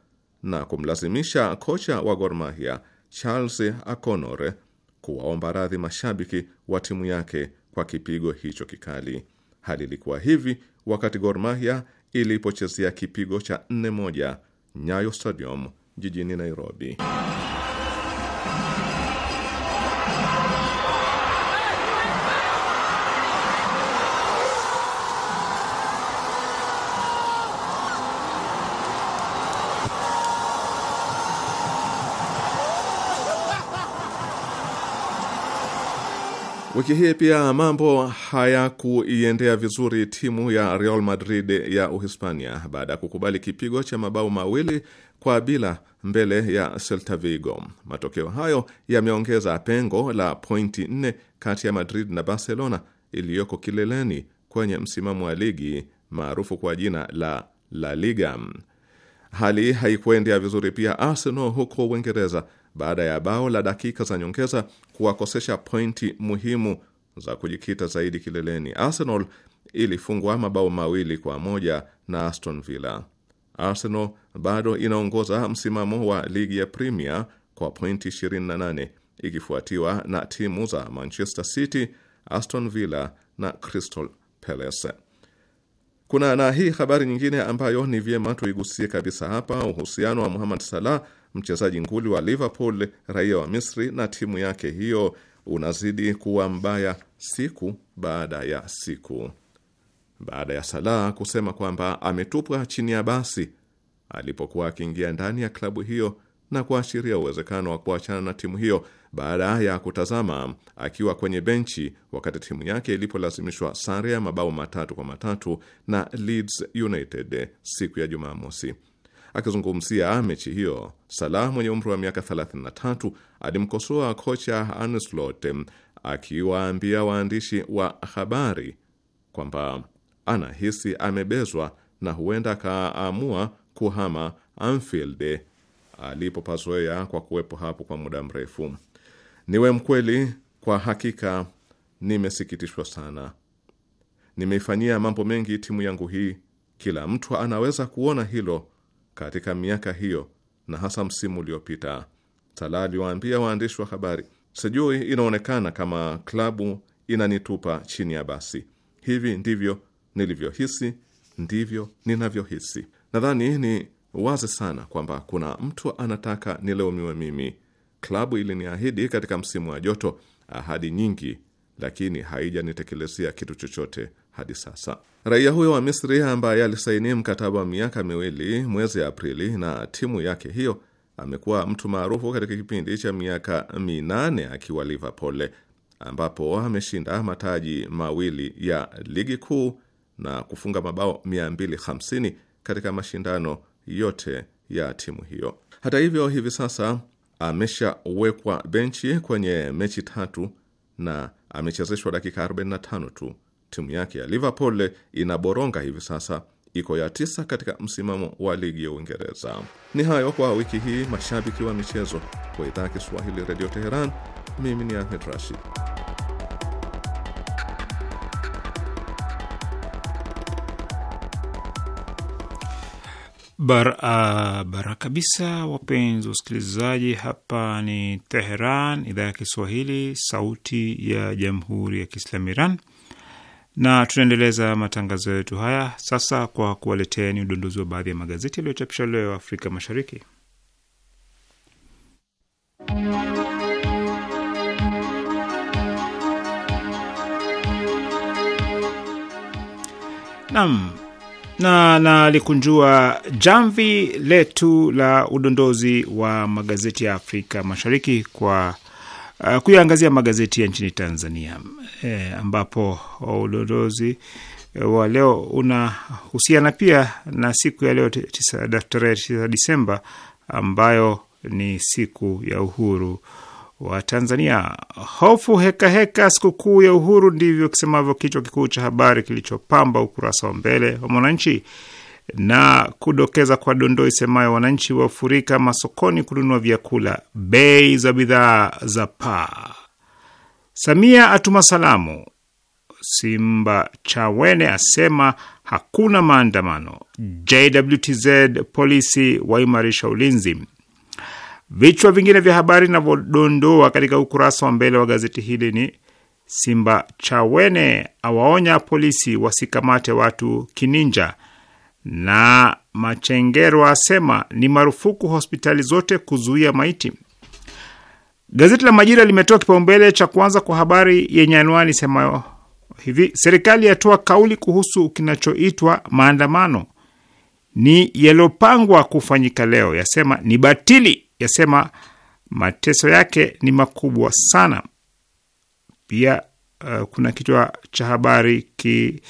na kumlazimisha kocha wa Gor Mahia Charles Aconor kuwaomba radhi mashabiki wa timu yake kwa kipigo hicho kikali. Hali ilikuwa hivi wakati Gor Mahia ilipochezea kipigo cha 4 moja Nyayo Stadium jijini Nairobi. Wiki hii pia mambo hayakuiendea vizuri timu ya Real Madrid ya Uhispania baada ya kukubali kipigo cha mabao mawili kwa bila mbele ya Celta Vigo. Matokeo hayo yameongeza pengo la pointi nne kati ya Madrid na Barcelona iliyoko kileleni kwenye msimamo wa ligi maarufu kwa jina la La Liga. Hali haikuendea vizuri pia Arsenal huko Uingereza baada ya bao la dakika za nyongeza kuwakosesha pointi muhimu za kujikita zaidi kileleni. Arsenal ilifungwa mabao mawili kwa moja na Aston Villa. Arsenal bado inaongoza msimamo wa ligi ya Premier kwa pointi 28 ikifuatiwa na timu za Manchester City, Aston Villa na Crystal Palace. Kuna na hii habari nyingine ambayo ni vyema tuigusie kabisa hapa, uhusiano wa muhammad Salah mchezaji nguli wa Liverpool, raia wa Misri na timu yake hiyo unazidi kuwa mbaya siku baada ya siku. Baada ya Salah kusema kwamba ametupwa chini ya basi alipokuwa akiingia ndani ya klabu hiyo na kuashiria uwezekano wa kuachana na timu hiyo baada ya kutazama akiwa kwenye benchi wakati timu yake ilipolazimishwa sare ya mabao matatu kwa matatu na Leeds United siku ya Jumamosi. Akizungumzia mechi hiyo, Salah mwenye umri wa miaka 33 alimkosoa kocha Arne Slot akiwaambia waandishi wa habari kwamba anahisi amebezwa na huenda akaamua kuhama Anfield alipopazoea kwa kuwepo hapo kwa muda mrefu. Niwe mkweli, kwa hakika nimesikitishwa sana. Nimeifanyia mambo mengi timu yangu hii, kila mtu anaweza kuona hilo katika miaka hiyo na hasa msimu uliopita, Sala aliwaambia waandishi wa habari, sijui inaonekana kama klabu inanitupa chini ya basi. Hivi ndivyo nilivyohisi, ndivyo ninavyohisi. Nadhani ni wazi sana kwamba kuna mtu anataka nileumiwe mimi. Klabu iliniahidi katika msimu wa joto ahadi nyingi, lakini haijanitekelezea kitu chochote hadi sasa. Raia huyo wa Misri ambaye alisaini mkataba wa miaka miwili mwezi Aprili na timu yake hiyo amekuwa mtu maarufu katika kipindi cha miaka minane akiwa Liverpool, ambapo ameshinda mataji mawili ya ligi kuu na kufunga mabao 250 katika mashindano yote ya timu hiyo. Hata hivyo, hivi sasa ameshawekwa benchi kwenye mechi tatu na amechezeshwa dakika 45 tu timu yake ya Liverpool inaboronga hivi sasa, iko ya tisa katika msimamo wa ligi ya Uingereza. Ni hayo kwa wiki hii, mashabiki wa michezo, kwa idhaa ya Kiswahili Redio Teheran. Mimi ni Ahmed Rashid. Barabara uh, bara kabisa, wapenzi wasikilizaji, hapa ni Teheran, idhaa ya Kiswahili, sauti ya jamhuri ya kiislamu Iran na tunaendeleza matangazo yetu haya sasa kwa ni udondozi wa baadhi ya magazeti yaliyochapishwa leo Afrika Mashariki. nam na nalikunjua jamvi letu la udondozi wa magazeti ya Afrika Mashariki kwa Eh, kuyaangazia magazeti ya nchini Tanzania e, ambapo udondozi eh, wa leo unahusiana pia na siku ya leo tarehe tisa Disemba ambayo ni siku ya uhuru wa Tanzania. Hofu hekaheka, sikukuu ya uhuru, ndivyo kisemavyo kichwa kikuu cha habari kilichopamba ukurasa wa mbele wa Mwananchi na kudokeza kwa dondoo isemayo wananchi wafurika masokoni kununua vyakula, bei za bidhaa za paa. Samia atuma salamu. Simba Chawene asema hakuna maandamano. JWTZ polisi waimarisha ulinzi. Vichwa vingine vya habari vinavyodondoa katika ukurasa wa mbele wa gazeti hili ni Simba Chawene awaonya polisi wasikamate watu kininja, na Machengero asema ni marufuku hospitali zote kuzuia maiti. Gazeti la Majira limetoa kipaumbele cha kwanza kwa habari yenye anwani semayo hivi: serikali yatoa kauli kuhusu kinachoitwa maandamano ni yaliyopangwa kufanyika leo, yasema ni batili, yasema mateso yake ni makubwa sana. Pia uh, kuna kichwa cha habari ki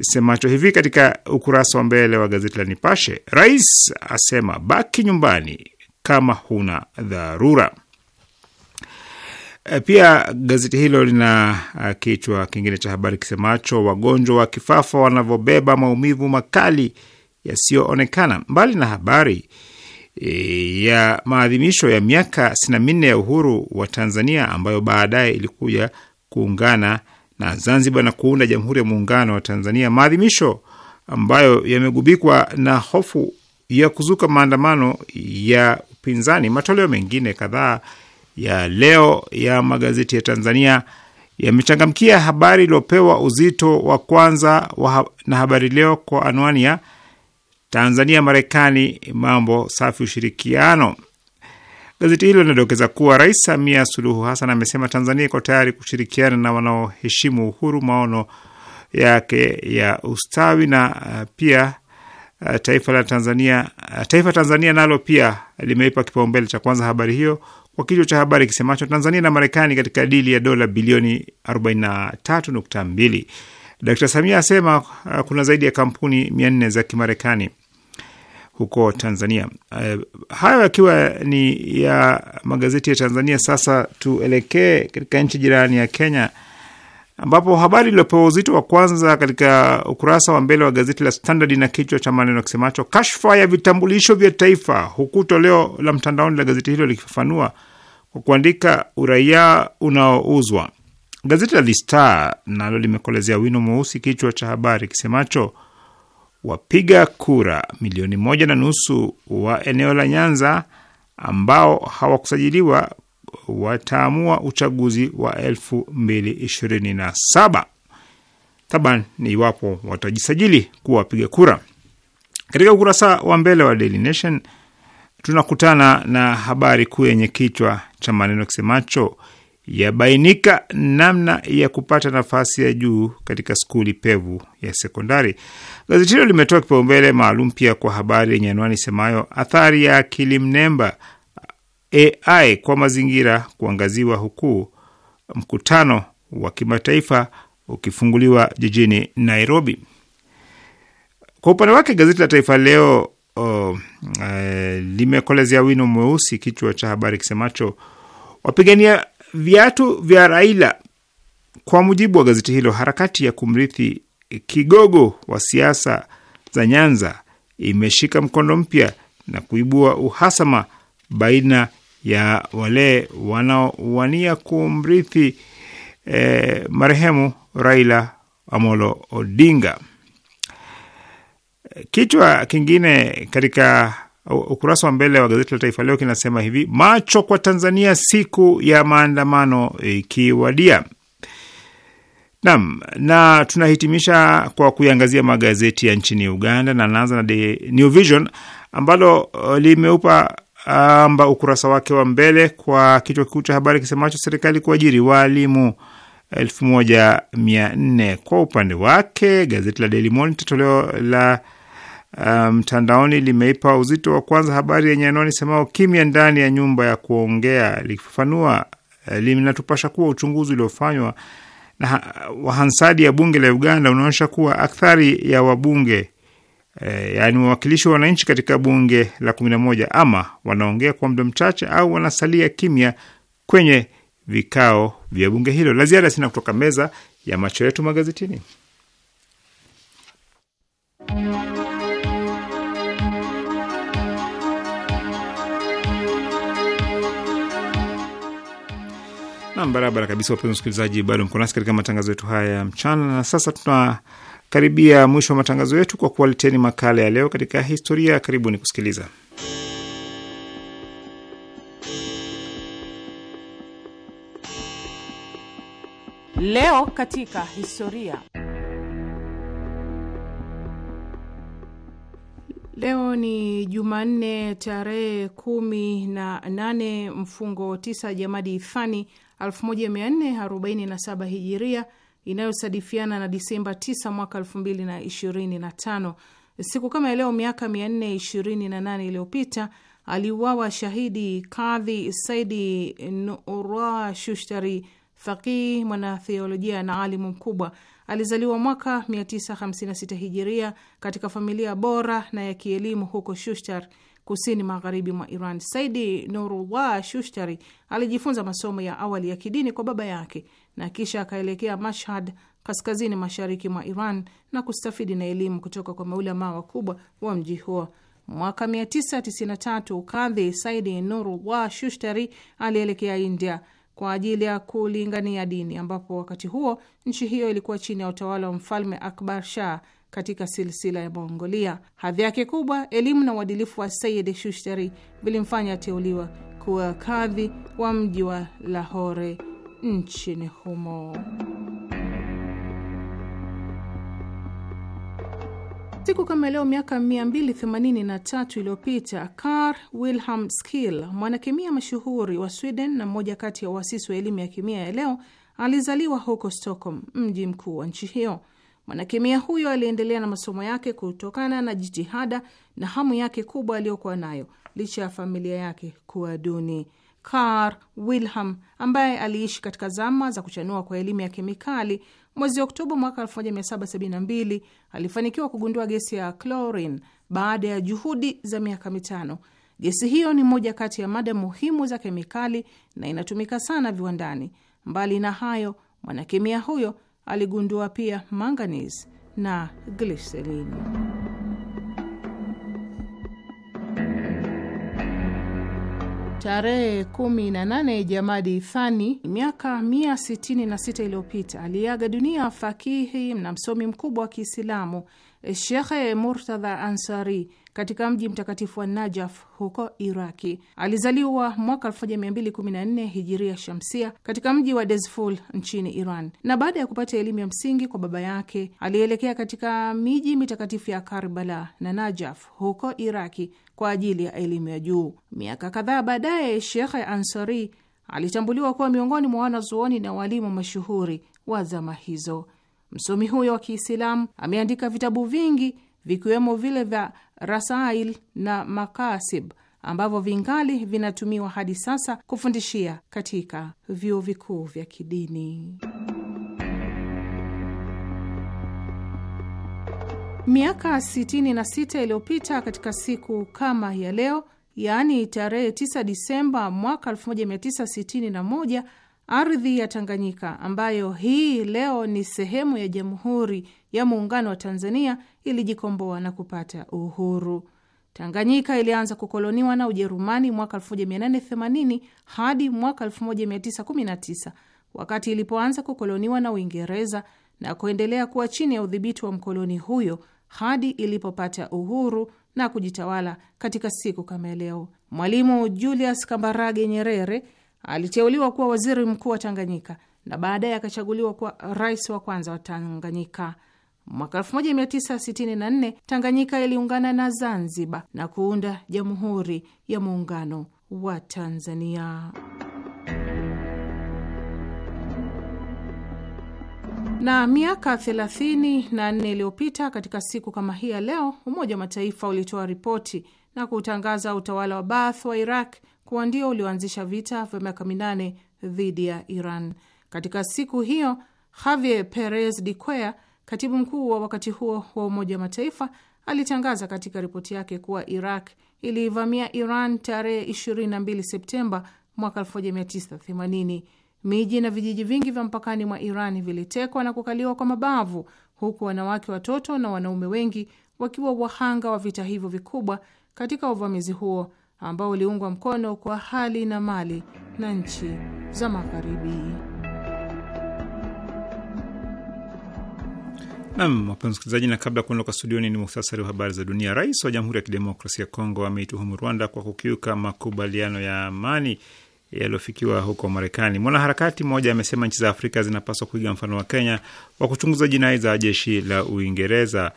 semacho hivi katika ukurasa wa mbele wa gazeti la Nipashe: Rais asema baki nyumbani kama huna dharura. Eh, pia gazeti hilo lina eh, kichwa kingine cha habari kisemacho wagonjwa wa kifafa wanavyobeba maumivu makali yasiyoonekana. Mbali na habari e, ya maadhimisho ya miaka sitini na minne ya uhuru wa Tanzania ambayo baadaye ilikuja kuungana na Zanzibar na kuunda Jamhuri ya Muungano wa Tanzania, maadhimisho ambayo yamegubikwa na hofu ya kuzuka maandamano ya upinzani. Matoleo mengine kadhaa ya leo ya magazeti ya Tanzania yamechangamkia habari iliyopewa uzito wa kwanza wa na Habari Leo kwa anwani ya Tanzania Marekani, mambo safi, ushirikiano. Gazeti hilo linadokeza kuwa Rais Samia Suluhu Hassan amesema Tanzania iko tayari kushirikiana na wanaoheshimu uhuru, maono yake ya ustawi na uh, pia uh, taifa la Tanzania. Uh, taifa Tanzania nalo pia limeipa kipaumbele cha kwanza habari hiyo kwa kichwa cha habari kisemacho Tanzania na Marekani katika dili ya dola bilioni 43.2. Dkt Samia asema kuna zaidi ya kampuni 400 za Kimarekani huko Tanzania. Uh, hayo yakiwa ni ya magazeti ya Tanzania. Sasa tuelekee katika nchi jirani ya Kenya, ambapo habari iliyopewa uzito wa kwanza katika ukurasa wa mbele wa gazeti la Standard na kichwa cha maneno kisemacho kashfa ya vitambulisho vya taifa, huku toleo la mtandaoni la gazeti hilo likifafanua kwa kuandika uraia unaouzwa. Gazeti la The Star nalo limekolezea wino mweusi kichwa cha habari kisemacho wapiga kura milioni moja na nusu wa eneo la Nyanza ambao hawakusajiliwa wataamua uchaguzi wa elfu mbili ishirini na saba taban ni iwapo watajisajili kuwa wapiga kura. Katika ukurasa wa mbele wa Daily Nation tunakutana na habari kuu yenye kichwa cha maneno kisemacho yabainika namna ya kupata nafasi ya juu katika skuli pevu ya sekondari. Gazeti hilo limetoa kipaumbele maalum pia kwa habari yenye anwani semayo athari ya akili mnemba AI kwa mazingira kuangaziwa, huku mkutano wa kimataifa ukifunguliwa jijini Nairobi. Kwa upande wake gazeti la Taifa Leo oh, eh, limekolezea wino mweusi kichwa cha habari kisemacho wapigania viatu vya Raila. Kwa mujibu wa gazeti hilo, harakati ya kumrithi kigogo wa siasa za Nyanza imeshika mkondo mpya na kuibua uhasama baina ya wale wanaowania kumrithi eh, marehemu Raila Amolo Odinga. Kichwa kingine katika ukurasa wa mbele wa gazeti la Taifa Leo kinasema hivi: macho kwa Tanzania siku ya maandamano ikiwadia. Naam, na tunahitimisha kwa kuiangazia magazeti ya nchini Uganda, na naanza na The New Vision ambalo uh, limeupa amba ukurasa wake wa mbele kwa kichwa kikuu cha habari kisemacho serikali kuajiri walimu 1400. Kwa upande wake gazeti la Daily Monitor toleo la Uh, mtandaoni um, limeipa uzito wa kwanza habari yenye anwani semao kimya ndani ya nyumba ya kuongea. Likifafanua, uh, linatupasha kuwa uchunguzi uliofanywa na wahansadi ya bunge la Uganda unaonyesha kuwa akthari ya wabunge e, yaani wawakilishi wa wananchi katika bunge la kumi na moja ama wanaongea kwa muda mchache au wanasalia kimya kwenye vikao vya bunge hilo. La ziada sina kutoka meza ya macho yetu magazetini. Nam, barabara kabisa, wapenzi wasikilizaji, bado mko nasi katika matangazo yetu haya ya mchana, na sasa tunakaribia mwisho wa matangazo yetu kwa kuwaleteni makala ya leo katika historia. Karibuni kusikiliza. Leo katika historia. Leo ni Jumanne tarehe kumi na nane mfungo tisa Jamadi Ithani 1447 hijiria inayosadifiana na Disemba 9 mwaka 2025. Siku kama leo miaka 428 iliyopita aliuawa shahidi Kadhi Saidi Nura Shushtari, faqih, mwanatheolojia na alimu mkubwa. Alizaliwa mwaka 956 hijiria katika familia bora na ya kielimu huko Shushtar kusini magharibi mwa Iran. Saidi Nurullah Shushtari alijifunza masomo ya awali ya kidini kwa baba yake na kisha akaelekea Mashhad kaskazini mashariki mwa Iran na kustafidi na elimu kutoka kwa maulamaa wakubwa wa mji huo. Mwaka 993 kadhi Saidi Nurullah Shushtari alielekea India kwa ajili ya kulingania dini, ambapo wakati huo nchi hiyo ilikuwa chini ya utawala wa mfalme Akbar Shah katika silsila ya Mongolia. Hadhi yake kubwa, elimu na uadilifu wa Sayid Shushtari vilimfanya ateuliwa kuwa kadhi wa mji wa Lahore nchini humo. Siku kama leo miaka 283 iliyopita Carl Wilhelm Skill, mwanakemia mashuhuri wa Sweden na mmoja kati ya waasisi wa elimu ya kemia ya leo, alizaliwa huko Stockholm, mji mkuu wa nchi hiyo. Mwanakemia huyo aliendelea na masomo yake kutokana na jitihada na hamu yake kubwa aliyokuwa nayo licha ya familia yake kuwa duni. Carl Wilhelm ambaye aliishi katika zama za kuchanua kwa elimu ya kemikali Mwezi Oktoba mwaka 1772 alifanikiwa kugundua gesi ya chlorine baada ya juhudi za miaka mitano. Gesi hiyo ni moja kati ya mada muhimu za kemikali na inatumika sana viwandani. Mbali na hayo, mwanakemia huyo aligundua pia manganese na gliserin. Tarehe 18 Jamadi Thani, miaka 166 iliyopita, aliaga dunia fakihi na msomi mkubwa wa Kiislamu Shekhe Murtadha Ansari katika mji mtakatifu wa Najaf huko Iraki. Alizaliwa mwaka 1214 hijiria shamsia katika mji wa Dezful nchini Iran, na baada ya kupata elimu ya msingi kwa baba yake alielekea katika miji mitakatifu ya Karbala na Najaf huko Iraki kwa ajili ya elimu ya juu. Miaka kadhaa baadaye, Shekh Ansari alitambuliwa kuwa miongoni mwa wanazuoni na walimu mashuhuri wa zama hizo. Msomi huyo wa Kiislamu ameandika vitabu vingi vikiwemo vile vya Rasail na Makasib ambavyo vingali vinatumiwa hadi sasa kufundishia katika vyuo vikuu vya kidini. Miaka 66 iliyopita katika siku kama ya leo, yaani tarehe 9 Disemba mwaka 1961, ardhi ya Tanganyika ambayo hii leo ni sehemu ya Jamhuri ya Muungano wa Tanzania ilijikomboa na kupata uhuru. Tanganyika ilianza kukoloniwa na Ujerumani mwaka 1880 hadi mwaka 1919 wakati ilipoanza kukoloniwa na Uingereza na kuendelea kuwa chini ya udhibiti wa mkoloni huyo hadi ilipopata uhuru na kujitawala katika siku kama leo. Mwalimu Julius Kambarage Nyerere aliteuliwa kuwa waziri mkuu wa Tanganyika na baadaye akachaguliwa kuwa rais wa kwanza wa Tanganyika. Mwaka 1964 Tanganyika iliungana na Zanzibar na kuunda Jamhuri ya Muungano wa Tanzania. Na miaka 34 iliyopita katika siku kama hii ya leo, Umoja wa Mataifa ulitoa ripoti na kutangaza utawala wa Baath wa Iraq kuwa ndio ulioanzisha vita vya miaka minane dhidi ya Iran. Katika siku hiyo Javier Perez de Cuellar Katibu mkuu wa wakati huo wa Umoja wa Mataifa alitangaza katika ripoti yake kuwa Iraq iliivamia Iran tarehe 22 Septemba mwaka 1980. Miji na vijiji vingi vya mpakani mwa Iran vilitekwa na kukaliwa kwa mabavu, huku wanawake, watoto na wanaume wengi wakiwa wahanga wa vita hivyo vikubwa katika uvamizi huo ambao uliungwa mkono kwa hali na mali na nchi za Magharibi. Nam wapenzi msikilizaji, na kabla ya kuondoka studioni, ni muhtasari wa habari za dunia. Rais wa Jamhuri ya Kidemokrasia ya Kongo ameituhumu Rwanda kwa kukiuka makubaliano ya amani yaliyofikiwa huko Marekani. Mwanaharakati mmoja amesema nchi za Afrika zinapaswa kuiga mfano wa Kenya wa kuchunguza jinai za jeshi la Uingereza.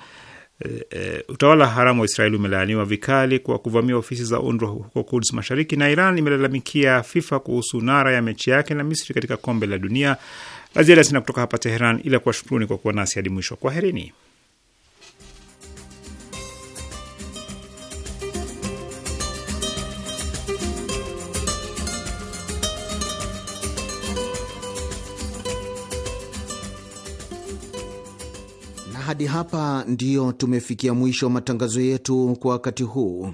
E, e, utawala haramu wa Israeli umelaaniwa vikali kwa kuvamia ofisi za UNRWA huko Kuds Mashariki, na Iran imelalamikia FIFA kuhusu nara ya mechi yake na Misri katika kombe la dunia la ziada sina kutoka hapa Teheran, ila kuwashukuruni kwa kuwa nasi hadi mwisho. Kwaherini. Hadi hapa ndiyo tumefikia mwisho wa matangazo yetu kwa wakati huu.